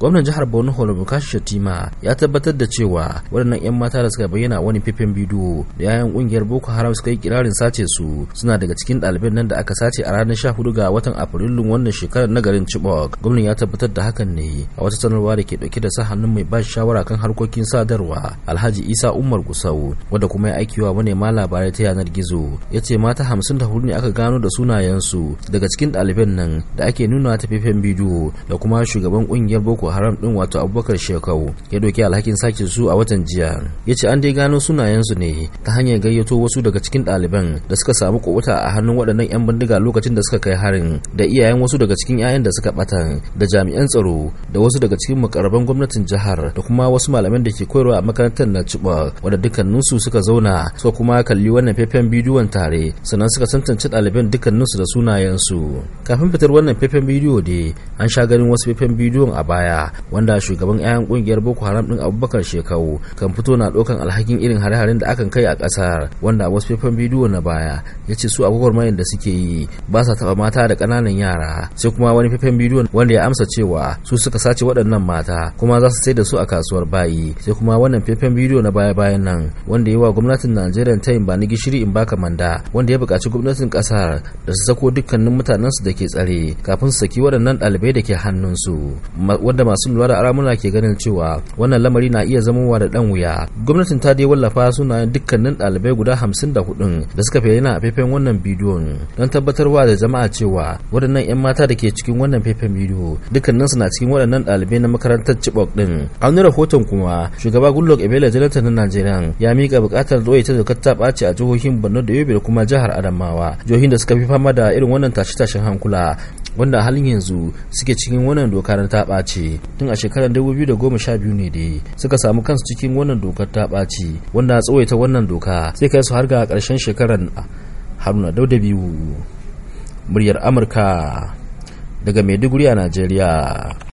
gwamnan jihar borno bukashi shatima ya tabbatar da cewa waɗannan 'yan mata da suka bayyana wani fifin bidiyo da yayan ƙungiyar boko haram suka yi kirarin sace su suna daga cikin ɗaliban nan da aka sace a ranar 14 ga watan afrilu wannan shekarar na garin chibok gwamnan ya tabbatar da hakan ne a wata sanarwa da ke ɗauke da sa hannun mai ba shawara kan harkokin sadarwa alhaji isa umar gusau wanda kuma ya aiki wa ma labarai ta yanar gizo ya ce mata hamsin da hudu ne aka gano da sunayensu daga cikin ɗaliban nan da ake nuna ta fifin bidiyo da kuma shugaban ƙungiyar boko boko haram din wato abubakar shekau ya doki alhakin sake su a watan jiya ya ce an dai gano sunayensu ne ta hanyar gayyato wasu daga cikin ɗaliban da suka samu kubuta a hannun waɗannan 'yan bindiga lokacin da suka kai harin da iyayen wasu daga cikin 'ya'yan da suka bata da jami'an tsaro da wasu daga cikin makarraban gwamnatin jihar da kuma wasu malaman da ke koyarwa a makarantar na ciba wadda dukkaninsu suka zauna suka kuma kalli wannan faifan bidiyon tare sannan suka tantance ɗaliban dukkaninsu da sunayensu kafin fitar wannan faifan bidiyo dai an sha ganin wasu faifan bidiyon a baya ta'adda wanda shugaban 'ya'yan kungiyar boko haram din abubakar shekau kan fito na ɗaukan alhakin irin hare-haren da akan kai a ƙasar wanda a wasu faifan bidiyo na baya ya ce su agogar mayan da suke yi ba sa taɓa mata da kananan yara sai kuma wani faifan bidiyo wanda ya amsa cewa su suka sace waɗannan mata kuma za su sai da su a kasuwar bayi sai kuma wannan faifan bidiyo na baya-bayan nan wanda ya wa gwamnatin najeriya ta yin ba ni gishiri in baka manda wanda ya buƙaci gwamnatin ƙasar da su sako dukkanin mutanensu da ke tsare kafin su saki waɗannan ɗalibai da ke hannunsu wanda masu lura da aramuna ke ganin cewa wannan lamari na iya wa da dan wuya gwamnatin ta dai wallafa sunayen dukkanin dalibai guda hamsin da hudun da suka yana a faifan wannan bidiyon don tabbatarwa da jama'a cewa waɗannan 'yan mata da ke cikin wannan faifan bidiyo dukkanin su na cikin waɗannan dalibai na makarantar chibok din a wani rahoton kuma shugaba goodluck ebele jonathan na najeriya ya mika buƙatar doye ta dokar ta ɓaci a jihohin borno da yobe da kuma jihar adamawa jihohin da suka fi fama da irin wannan tashe-tashen hankula wanda halin yanzu suke cikin wannan dokar ta ɓace tun a shekarar 2012 ne dai suka samu kansu cikin wannan dokar ta ɓace wanda tsawaita wannan doka sai kai su har ga ƙarshen shekarar haruna dauda biyu muryar amurka daga maiduguri a najeriya